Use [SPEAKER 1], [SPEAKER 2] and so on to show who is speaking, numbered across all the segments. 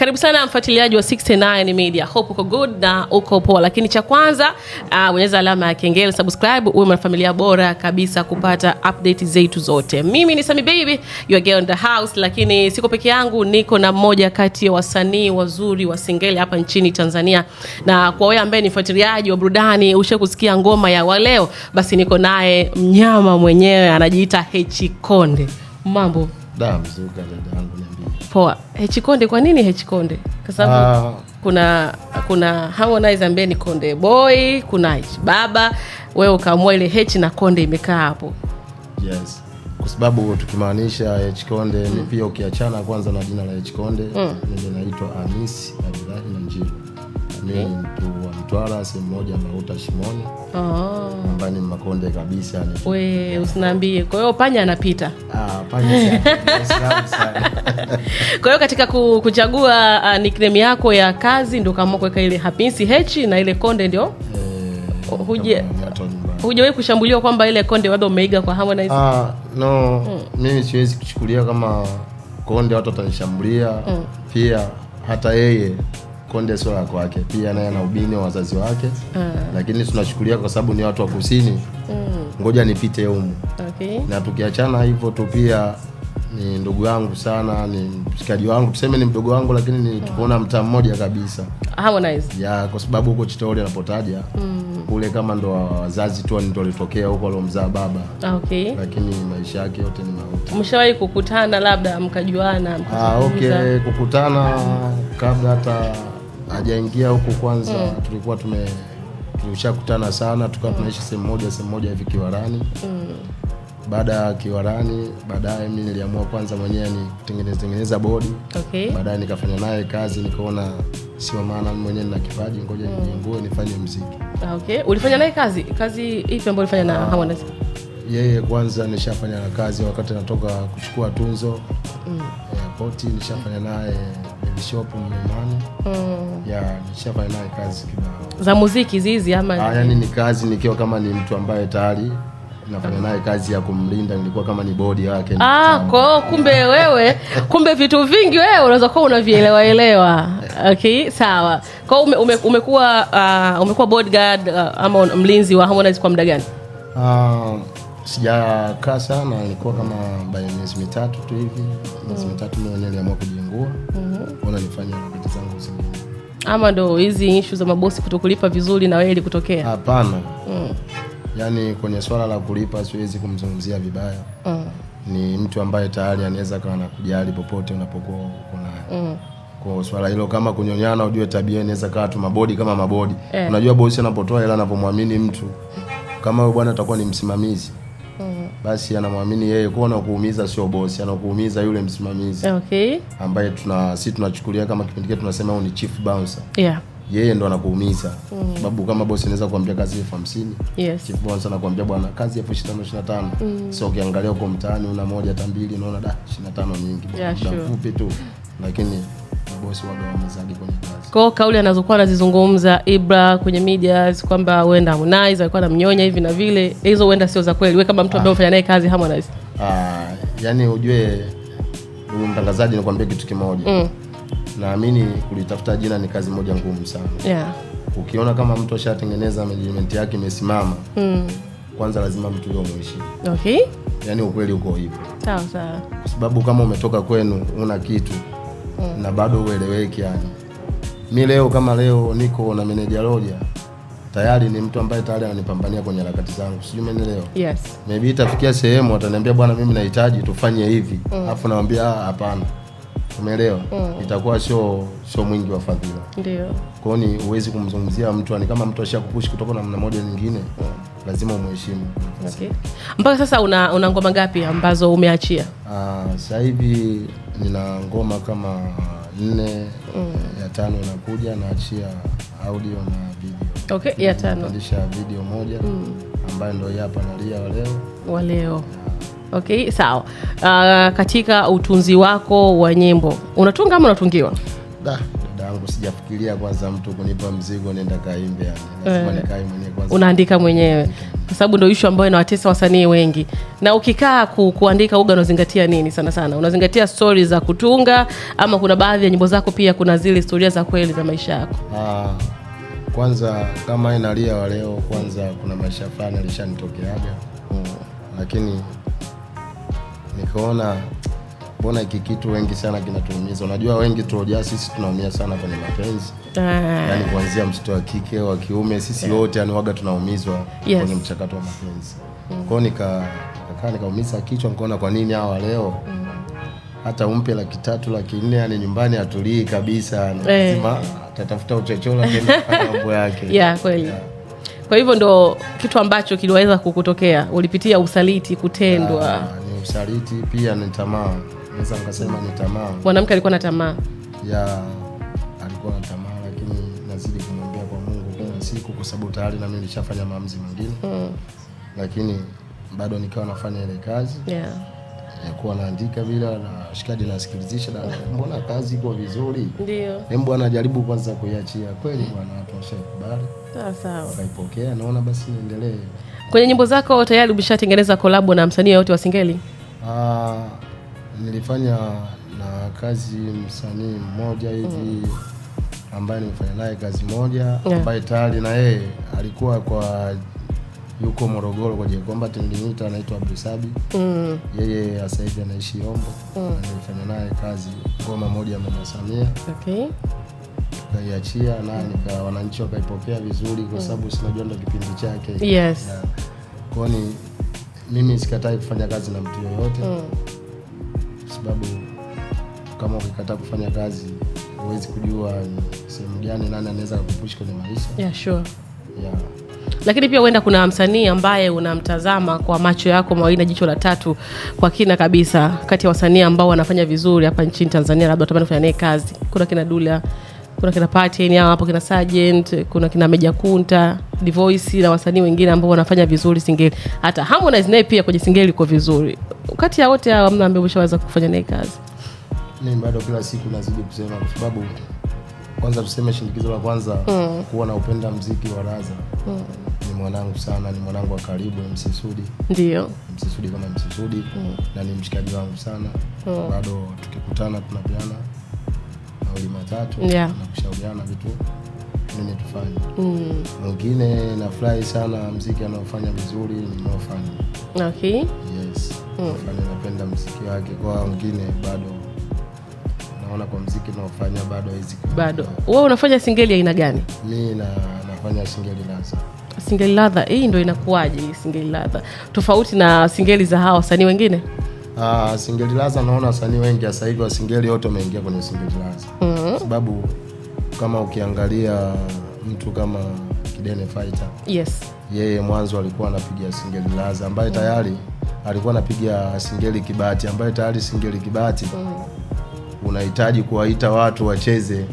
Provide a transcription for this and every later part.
[SPEAKER 1] Karibu sana mfuatiliaji wa 69 Media. Hope uko good na uko poa. Lakini cha kwanza, uh, bonyeza alama ya kengele, subscribe, uwe mwanafamilia bora kabisa kupata update zetu zote. Mimi ni Sami Baby, your girl in the house, lakini siko peke yangu, niko na mmoja kati ya wasanii wazuri wa singeli hapa nchini Tanzania. Na kwa wewe ambaye ni mfuatiliaji wa burudani, ushe kusikia ngoma ya waleo, basi niko naye mnyama mwenyewe anajiita hechikonde Mambo. Da, mzuri dada yangu poa. Hechi Konde, kwa nini Hechi Konde? Kwa sababu ah. kuna kuna Harmonize ambaye ni Konde Boy, kuna Hechi Baba, wewe ukaamua ile Hechi na Konde imekaa hapo.
[SPEAKER 2] Yes. Kwa sababu tukimaanisha Hechi Konde mm. ni pia ukiachana kwanza na jina la Hechi Konde mm. linaitwa anis Abdulahi Nanjiru mi mtu eh? wa Mtwara, sehemu moja nauta Shimoni ambaye oh. ni Makonde kabisa.
[SPEAKER 1] We usiniambie, kwa hiyo panya anapita. Ah, panya sana. Kwa hiyo katika kuchagua uh, nickname yako ya kazi ndo kama kuweka ile Hapinsi hechi na ile Konde ndio eh, hujawahi huje kushambuliwa kwamba ile Konde labda umeiga kwa Harmonize?
[SPEAKER 2] Ah, no mm. Mimi siwezi kuchukulia kama Konde watu watanishambulia mm. Pia hata yeye Konde sio ya kwake, pia naye ana ubini wa wazazi wake uh. Lakini tunashukulia kwa sababu ni watu wa kusini mm. ngoja nipite humu okay. Na tukiachana hivyo tu, pia ni ndugu yangu sana, ni mshikaji wangu, tuseme ni mdogo wangu, lakini ni ah. tukaona mtaa mmoja kabisa Harmonize ya kwa sababu huko Chitoli anapotaja mm. kule kama ndo wazazi tu ndio walitokea huko waliomzaa baba
[SPEAKER 1] okay. Lakini maisha yake yote ni mauti. Mshawahi kukutana labda mkajuana?
[SPEAKER 2] Ah, okay, kukutana kabla hata hajaingia huko kwanza mm. tulikuwa tume tulishakutana sana tukawa hmm. tunaishi sehemu moja sehemu moja hivi Kiwarani mm. baada ya Kiwarani, baadaye mi niliamua kwanza mwenyewe ni tengeneza bodi okay. baadaye nikafanya naye kazi, nikaona sio maana mi mwenyewe nina kipaji, ngoja mm. nijengue nifanye mziki
[SPEAKER 1] ah, okay. ulifanya naye kazi kazi ipi ambayo ulifanya na Harmonize?
[SPEAKER 2] Yeye kwanza nishafanya na kazi wakati natoka kuchukua tunzo mm. airport, nishafanya naye Bishop Mlimani. Mm. Ya nishafanya naye kazi kibao.
[SPEAKER 1] Za muziki zizi ama? Ah,
[SPEAKER 2] yani ni kazi nikiwa kama ni mtu ambaye tayari nafanya mm. naye kazi ya kumlinda, nilikuwa kama ni bodi
[SPEAKER 1] yake. Ah, ko kumbe wewe, kumbe vitu vingi wewe unaweza kuwa unavielewa elewa. Okay, sawa. Kwa ume, ume, umekuwa uh, umekuwa bodyguard uh, ama mlinzi wa Harmonize kwa muda gani?
[SPEAKER 2] Ah, uh, sijakaa sana, nilikuwa kama baada miezi mitatu tu hivi, miezi mm. mitatu mimi niliamua kujiingua. -hmm. nifanya
[SPEAKER 1] vitu zangu zingine. Ama ndo hizi issue za mabosi kutokulipa vizuri na wewe ilikutokea?
[SPEAKER 2] Hapana. Mm. Yaani kwenye swala la kulipa siwezi kumzungumzia vibaya. Mm. Ni mtu ambaye tayari anaweza kawa kujali popote unapokuwa uko naye. Mm. Kwa swala hilo kama kunyonyana, ujue tabia inaweza kawa tu mabodi kama mabodi. Eh. Unajua bosi anapotoa hela anapomwamini mtu kama huyo bwana atakuwa ni msimamizi basi anamwamini yeye. Kwa anakuumiza sio bosi, anakuumiza yule msimamizi okay, ambaye tuna si tunachukulia kama kipindi kile tunasema huyu ni chief bouncer yeah yeye ndo anakuumiza mm. Sababu kama bosi anaweza kuambia kazi elfu hamsini yes. Chief bouncer anakuambia bwana kazi elfu ishirini na tano ishirini na tano mm. So ukiangalia huko mtaani una moja hata mbili unaona da ishirini na tano nyingi yeah, sure. mfupi tu lakini
[SPEAKER 1] Kwao kauli anazokuwa anazizungumza Ibra kwenye medias kwamba huenda Harmonize alikuwa anamnyonya hivi na vile, hizo huenda sio za kweli. we kama mtu ambaye ah. unafanya naye kazi Harmonize,
[SPEAKER 2] ah, yani ujue huyu mtangazaji, nakuambia kitu kimoja mm. Naamini kulitafuta jina ni kazi moja ngumu sana yeah. Ukiona kama mtu ashatengeneza management yake imesimama mm. Kwanza lazima mtu huyo muheshimu. Okay. yani ukweli uko hivo Sawa sawa. Kwa sababu kama umetoka kwenu una kitu mm. na bado ueleweki yani. Mi leo kama leo niko na meneja Roja tayari ni mtu ambaye tayari ananipambania kwenye harakati zangu, sijui umenielewa? Yes. Maybe itafikia sehemu ataniambia bwana, mimi nahitaji tufanye hivi mm. nawambia ah, hapana, umeelewa? mm. itakuwa sio sio mwingi wa fadhila, ndio. kwao. ni huwezi kumzungumzia mtu, ni kama mtu ashakupush kutoka namna moja nyingine mm lazima umheshimu.
[SPEAKER 1] Okay. Mpaka sasa una, una ngoma ngapi ambazo umeachia?
[SPEAKER 2] Ah, sasa hivi nina ngoma kama nne mm. ya tano inakuja, naachia audio na video.
[SPEAKER 1] Okay, ya tano pandisha
[SPEAKER 2] video moja mm. ambayo ndio hapa nalia waleo
[SPEAKER 1] waleo. Okay, sawa. Uh, katika utunzi wako wa nyimbo unatunga ama unatungiwa?
[SPEAKER 2] Da yangu, sijafikiria kwanza mtu kunipa mzigo nenda kaimbe,
[SPEAKER 1] lazima eh. nikae mwenyewe kwanza. Unaandika mwenyewe kwa sababu ndio issue ambayo inawatesa wasanii wengi. Na ukikaa ku, kuandika uga unazingatia nini sana sana? Unazingatia stori za kutunga ama kuna baadhi ya nyimbo zako pia kuna zile historia za kweli za maisha yako?
[SPEAKER 2] Ah, kwanza kama inalia wa leo, kwanza kuna maisha fulani alishanitokeaga, Mm. lakini nikaona mbona hiki kitu wengi sana kinatuumiza. Unajua wengi tuoja sisi tunaumia sana kwenye mapenzi ah. yani kuanzia mtoto wa kike wa kiume sisi wote Yani waga tunaumizwa yes. kwenye mchakato wa mapenzi mm. Kwao nika nikakaa nikaumiza kichwa, nikaona kwa nini hawa leo mm. hata umpe laki tatu laki nne yani nyumbani atulii kabisa eh. lazima hey. atatafuta uchochola tena mambo yake
[SPEAKER 1] yeah, kweli yeah. Kwa hivyo ndo kitu ambacho kiliweza kukutokea, ulipitia usaliti, kutendwa
[SPEAKER 2] yeah, ni usaliti pia ni tamaa naweza nikasema ni tamaa.
[SPEAKER 1] Mwanamke alikuwa na tamaa
[SPEAKER 2] ya alikuwa na tamaa, lakini nazidi kumwambia kwa Mungu kila siku, kwa sababu tayari nami nilishafanya maamuzi mengine mm. lakini bado nikawa nafanya ile kazi yeah. kuwa naandika vile na shikadi nasikilizisha na mbona kazi iko vizuri, ndio hem bwana, kwanza kuiachia kweli bwana, watu washakubali sawa sawa, wakaipokea naona basi niendelee. Kwenye nyimbo zako tayari umeshatengeneza kolabo na msanii yoyote wa Singeli? Ah nilifanya na kazi msanii mmoja hivi mm. ambaye nimefanya naye kazi moja yeah. ambaye tayari na yeye alikuwa kwa yuko Morogoro kwenye combat mlimita anaitwa Abdusabi mm. yeye sasa hivi anaishi Yombo mm. nilifanya naye kazi ngoma moja ya Mama Samia okay kaiachia na mm. nika wananchi wakaipokea vizuri kwa mm. sababu sinajua ndo kipindi chake yes. kwao ni mimi sikatai kufanya kazi na mtu yoyote mm sababu kama ukikataa kufanya kazi huwezi kujua sehemu gani nani anaweza kukupush kwenye maisha.
[SPEAKER 1] Yeah, sure. Yeah. Lakini pia huenda kuna msanii ambaye unamtazama kwa macho yako mawili na jicho la tatu kwa kina kabisa, kati ya wasanii ambao wanafanya vizuri hapa nchini Tanzania, labda tamani kufanya naye kazi. Kuna kina Dula, kuna kina Pateni, hapo kina Sergeant, kuna kina Meja Kunta The Voice na wasanii wengine ambao wanafanya vizuri Singeli. Hata Harmonize naye pia kwenye Singeli iko vizuri. Kati ya wote hawa mna ambaye umeshaweza kufanya naye kazi?
[SPEAKER 2] Mimi bado kila siku nazidi kusema kwa sababu kwanza tuseme shindikizo la kwanza mm. kuwa upenda mziki wa raza mm. ni mwanangu sana, ni mwanangu wa karibu msisudi ndio msisudi kama msisudi mm. na ni mshikaji wangu sana mm. bado tukikutana tunapeana kauli matatu yeah. na kushauriana vitu nimetufanya mm. Mwingine nafurahi sana mziki anaofanya vizuri ninaofanya. Okay. Yes. Mm. Napenda mziki wake kwa wengine bado naona kwa mziki naofanya bado hizi
[SPEAKER 1] bado. Wewe unafanya singeli aina gani?
[SPEAKER 2] Mi na nafanya singeli laza
[SPEAKER 1] singeli ladha hii ndo inakuwaje? singeli ladha tofauti na singeli za hawa wasanii wengine?
[SPEAKER 2] Ah, singeli laza naona wasanii wengi sasa hivi wa singeli wote wameingia kwenye singeli laza mm -hmm. sababu kama ukiangalia mtu kama Kidene Fighter yes, yeye mwanzo alikuwa anapiga Singeli Laza ambaye tayari alikuwa anapiga Singeli Kibati ambaye tayari Singeli Kibati mm. unahitaji kuwaita watu wacheze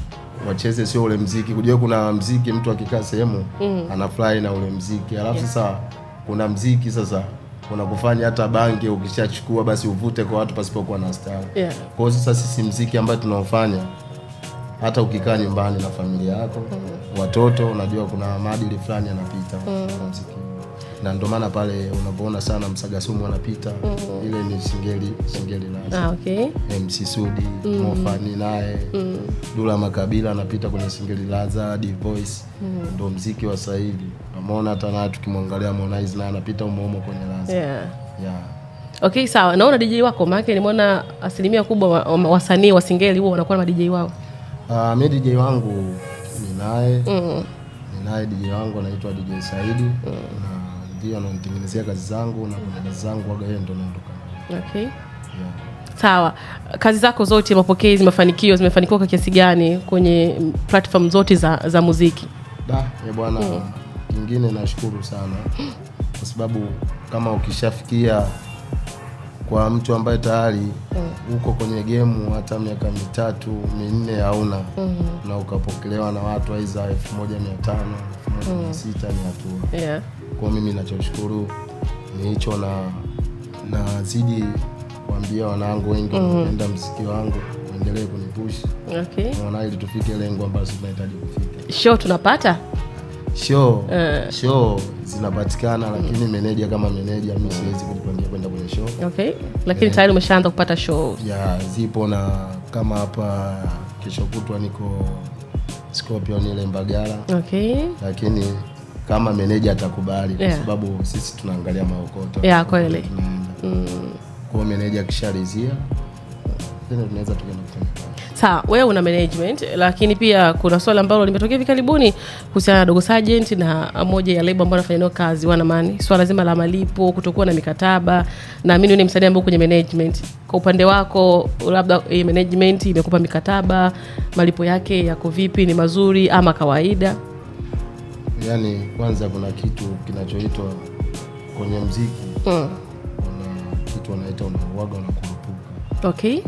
[SPEAKER 2] wacheze sio ule mziki. Kujua kuna mziki mtu akikaa sehemu mm. anafurahi na ule mziki alafu sasa kuna mziki sasa unakufanya hata bange ukishachukua basi uvute kwa watu pasipokuwa na stari yeah. Kwa hiyo sasa sisi mziki ambayo tunaofanya hata ukikaa nyumbani na familia yako mm. watoto, unajua kuna maadili fulani yanapita mm. na ndio maana pale unapoona sana Msagasumu anapita mm ile ni singeli singeli na ah, okay. MC Sudi mm Mofani naye mm Dula Makabila anapita kwenye singeli laza D Voice ndo mm mziki wa sasa hivi unaona, hata naye tukimwangalia monaiz naye anapita umoumo kwenye laza
[SPEAKER 1] yeah. yeah. Okay, sawa. Naona DJ wako maana nimeona asilimia kubwa wasanii wa, wa, wa singeli huo wanakuwa na DJ wao
[SPEAKER 2] Uh, ah, mi DJ wangu ninaye mm. ninaye DJ wangu anaitwa DJ Saidi mm. na ndio ananitengenezea kazi zangu na kuna kazi zangu waga yeye ndo naondoka.
[SPEAKER 1] Okay. Yeah. Sawa. Kazi zako zote, mapokezi, mafanikio zimefanikiwa kwa kiasi gani kwenye platform zote za, za muziki?
[SPEAKER 2] Da, ya bwana mm. Kingine nashukuru sana kwa sababu kama ukishafikia kwa mtu ambaye tayari mm. uko kwenye gemu hata miaka mitatu minne hauna mm -hmm. na ukapokelewa na watu aiza elfu moja mia tano elfu moja mia mm. sita ni hatua yeah. Kwao mimi nachoshukuru ni hicho, na nazidi kuambia wanangu wengi mm-hmm. wanapenda mm -hmm. mziki wangu waendelee kunipushi okay. Naona ili tufike lengo ambayo tunahitaji kufika.
[SPEAKER 1] sho tunapata
[SPEAKER 2] show uh, show zinapatikana lakini mm. meneja kama meneja mi siwezi kujipangia kwenda kwenye show
[SPEAKER 1] okay. lakini eh, tayari umeshaanza kupata show
[SPEAKER 2] ya zipo na kama hapa kesho kutwa niko scorpion ile mbagala okay. lakini kama meneja atakubali yeah. kwa sababu sisi tunaangalia maokoto yeah, kweli mm. meneja akisharizia
[SPEAKER 1] tunaweza tukenda kufanya Sawa, wewe una management, lakini pia kuna swali ambalo limetokea hivi karibuni kuhusiana na Dogo Sergeant na moja ya lebo ambayo anafanya nayo kazi Wanamani, swala zima la malipo, kutokuwa na mikataba. Naamini ni msanii ambao kwenye management, kwa upande wako labda eh, management imekupa mikataba, malipo yake yako vipi? Ni mazuri ama kawaida?
[SPEAKER 2] Yani kwanza kuna kitu kinachoitwa kwenye mziki mm. Kuna kitu wanaita unauaga na kurupuka. Okay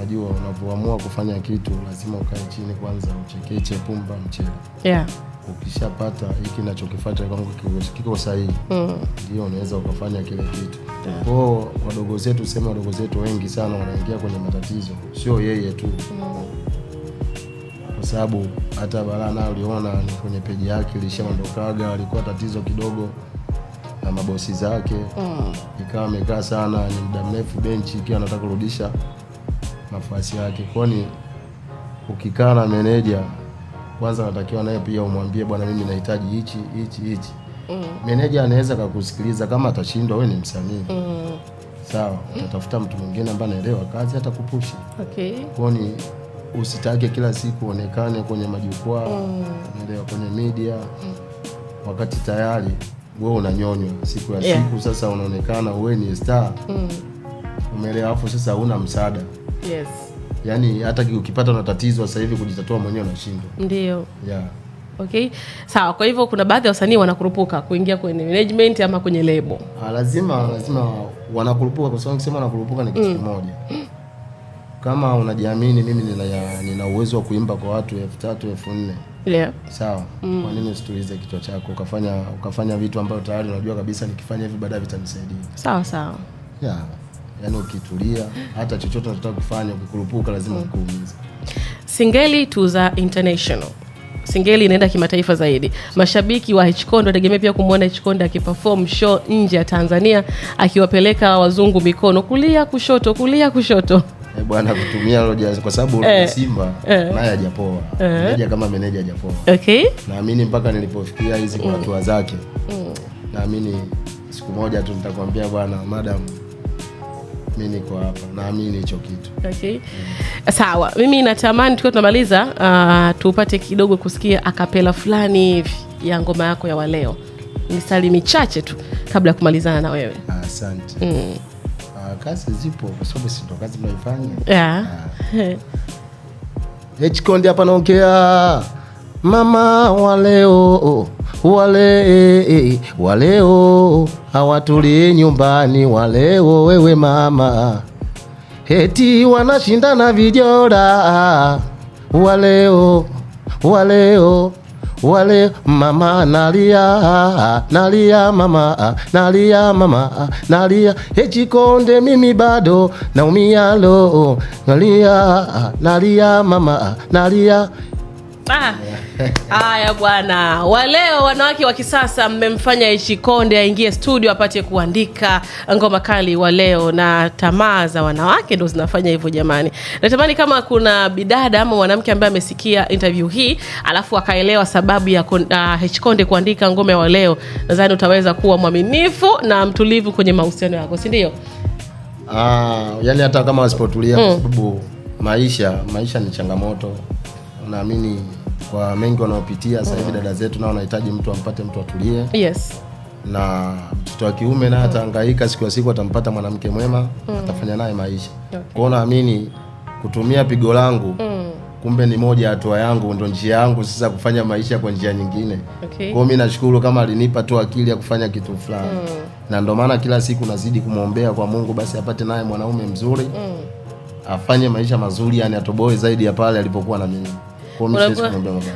[SPEAKER 2] unajua unapoamua kufanya kitu lazima ukae chini kwanza uchekeche pumba mchele. Yeah. Ukishapata hiki nachokifata kwangu kiko sahihi, mm. ndio mm. unaweza ukafanya kile kitu yeah. Kwao wadogo zetu, sema wadogo zetu wengi sana wanaingia kwenye matatizo, sio yeye tu mm. kwa sababu hata Balana uliona ni kwenye peji yake ilishaondokaga, alikuwa tatizo kidogo na mabosi zake mm. ikawa amekaa sana, ni muda mrefu benchi, ikiwa anataka kurudisha nafasi yake, kwani ukikaa na meneja kwanza natakiwa naye pia umwambie bwana, mimi nahitaji hichi hichi hichi. mm. Meneja anaweza kakusikiliza, kama atashindwa, wewe ni msanii mm. sawa, utatafuta mtu mwingine ambaye anaelewa kazi kupushi. Okay. Kwani usitake kila siku onekane kwenye majukwaa mm. unaelewa, kwenye media mm. wakati tayari wewe unanyonywa siku ya yeah. siku, sasa unaonekana wewe ni star mm. umeelewa, afu sasa huna msaada Yes. Yani hata ukipata na tatizo sasa hivi kujitatua mwenyewe unashindwa.
[SPEAKER 1] Ndio. Yeah. Okay. Sawa, kwa hivyo kuna baadhi ya wasanii wanakurupuka kuingia kwenye management ama kwenye lebo.
[SPEAKER 2] Ah, lazima lazima wanakurupuka kwa sababu kusema wanakurupuka ni kitu mm. Kama unajiamini mimi nina ya, nina uwezo wa kuimba kwa watu elfu tatu elfu nne. Yeah. Sawa. Mm. Kwa nini usituize kichwa chako ukafanya ukafanya vitu ambavyo tayari unajua kabisa nikifanya hivi baadaye vitanisaidia. Sawa sawa. Yeah yani ukitulia, hata chochote unataka kufanya kukurupuka, lazima mm. kuumiza.
[SPEAKER 1] Singeli the International Singeli inaenda kimataifa zaidi. Mashabiki wa h wategemea pia kumwona h akiperform show nje ya Tanzania, akiwapeleka wazungu mikono kulia kushoto, kulia kushoto.
[SPEAKER 2] E bwana, kutumia loja kwa sababu e, Simba e, naye hajapoa e, meneja kama meneja hajapoa. Okay, naamini mpaka nilipofikia hizi mm. hatua zake mm. naamini siku moja tu nitakwambia bwana, madam mi niko hapa, naamini hicho kitu
[SPEAKER 1] okay. mm. Sawa, mimi natamani tukiwa tunamaliza, uh, tupate kidogo kusikia akapela fulani hivi ya ngoma yako ya waleo, mistari michache tu kabla ya kumalizana na wewe.
[SPEAKER 2] Asante ah, mm. ah, kazi zipo kwa sababu si ndo kazi mnaifanya yeah. ah. H Konde hapa naongea mama wa leo oh wale eh, eh, eh, waleo hawatulii nyumbani, waleo wewe mama, heti wanashinda na vijora, waleo waleo wale mama nalia nalia mama nalia mama nalia hechikonde mimi bado naumia lo nalia nalia mama nalia
[SPEAKER 1] Ah. Haya bwana, waleo wanawake wa kisasa mmemfanya hichi konde aingie studio apate kuandika ngoma kali wa leo, na tamaa za wanawake ndo zinafanya hivyo jamani. Natamani kama kuna bidada ama mwanamke ambaye amesikia interview hii alafu akaelewa sababu ya hichi ah, konde kuandika ngoma ya wa leo, nadhani utaweza kuwa mwaminifu na mtulivu kwenye mahusiano yako, si ndio?
[SPEAKER 2] Ah, yani hata kama wasipotulia, kwa mm. sababu maisha maisha ni changamoto, naamini kwa mengi wanaopitia sasa hivi dada zetu nao wanahitaji mtu ampate mtu atulie. Yes. Na mtoto wa kiume naye atahangaika siku ya siku atampata mwanamke mwema mm. atafanya naye maisha. Okay. Kwao naamini kutumia pigo langu mm. kumbe ni moja ya hatua yangu, ndo njia yangu sasa kufanya maisha kwa njia nyingine. Okay. Kwao mimi nashukuru kama alinipa tu akili ya kufanya kitu fulani mm. na ndio maana kila siku nazidi kumwombea kwa Mungu basi apate naye mwanaume mzuri mm. afanye maisha mazuri, yani atoboe zaidi ya pale alipokuwa na mimi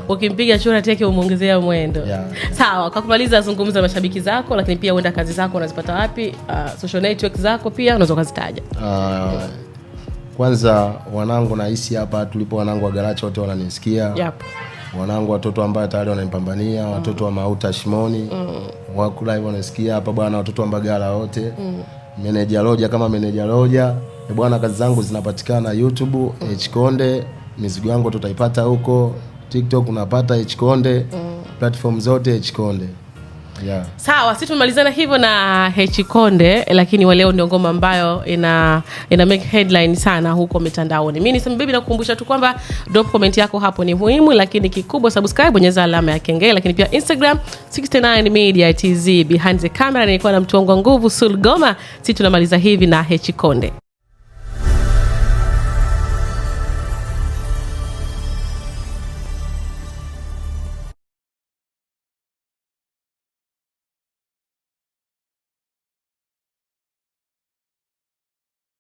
[SPEAKER 1] ukimpiga chuo nateke umwongezea mwendo yeah. Sawa, kwa kumaliza, zungumza mashabiki zako, lakini pia uenda kazi zako unazipata wapi? Uh, social network zako pia unaweza ukazitaja.
[SPEAKER 2] Uh, kwanza wanangu nahisi hapa tulipo, wanangu wa Garacha wote wananisikia yep wanangu watoto ambao tayari wanampambania mm. watoto wa Mauta Shimoni mm. wako live wanasikia hapa bwana, watoto wa Mbagala wote mm. meneja Roja kama meneja Roja eh, bwana, kazi zangu zinapatikana YouTube mm. H Konde mizigo yangu tutaipata huko TikTok, unapata Hkonde mm. platform zote Hkonde.
[SPEAKER 1] Yeah. Sawa, sisi tumemalizana hivyo na H Konde, lakini waleo ndio ngoma ambayo ina ina make headline sana huko mitandaoni. Mimi nisema bibi, nakukumbusha tu kwamba drop comment yako hapo ni muhimu, lakini kikubwa subscribe, bonyeza alama ya kengele, lakini pia Instagram 69 Media TZ behind the camera, nilikuwa na mtu wangu nguvu Sulgoma. Sisi tunamaliza hivi na H Konde.